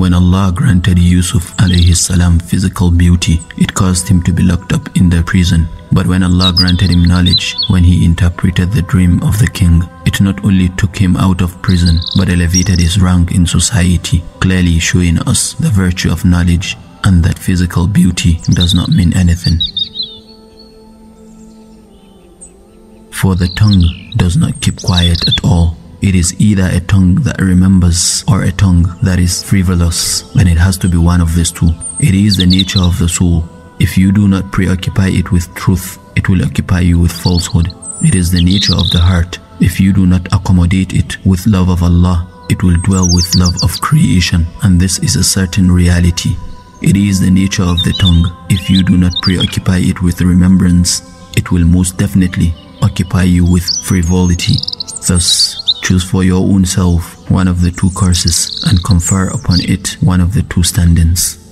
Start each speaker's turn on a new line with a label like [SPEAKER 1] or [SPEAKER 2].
[SPEAKER 1] When Allah granted Yusuf alayhi salam physical beauty, it caused him to be locked up in the prison. But when Allah granted him knowledge, when he interpreted the dream of the king, it not only took him out of prison, but elevated his rank in society, clearly showing us the virtue of knowledge and that physical beauty does not mean anything. For the tongue does not keep quiet at all. It is either a tongue that remembers or a tongue that is frivolous, and it has to be one of these two. It is the nature of the soul. If you do not preoccupy it with truth, it will occupy you with falsehood. It is the nature of the heart. If you do not accommodate it with love of Allah, it will dwell with love of creation, and this is a certain reality. It is the nature of the tongue. If you do not preoccupy it with remembrance, it will most definitely occupy you with frivolity. Thus, choose for your own self one of the two courses and confer upon it one of the two standings.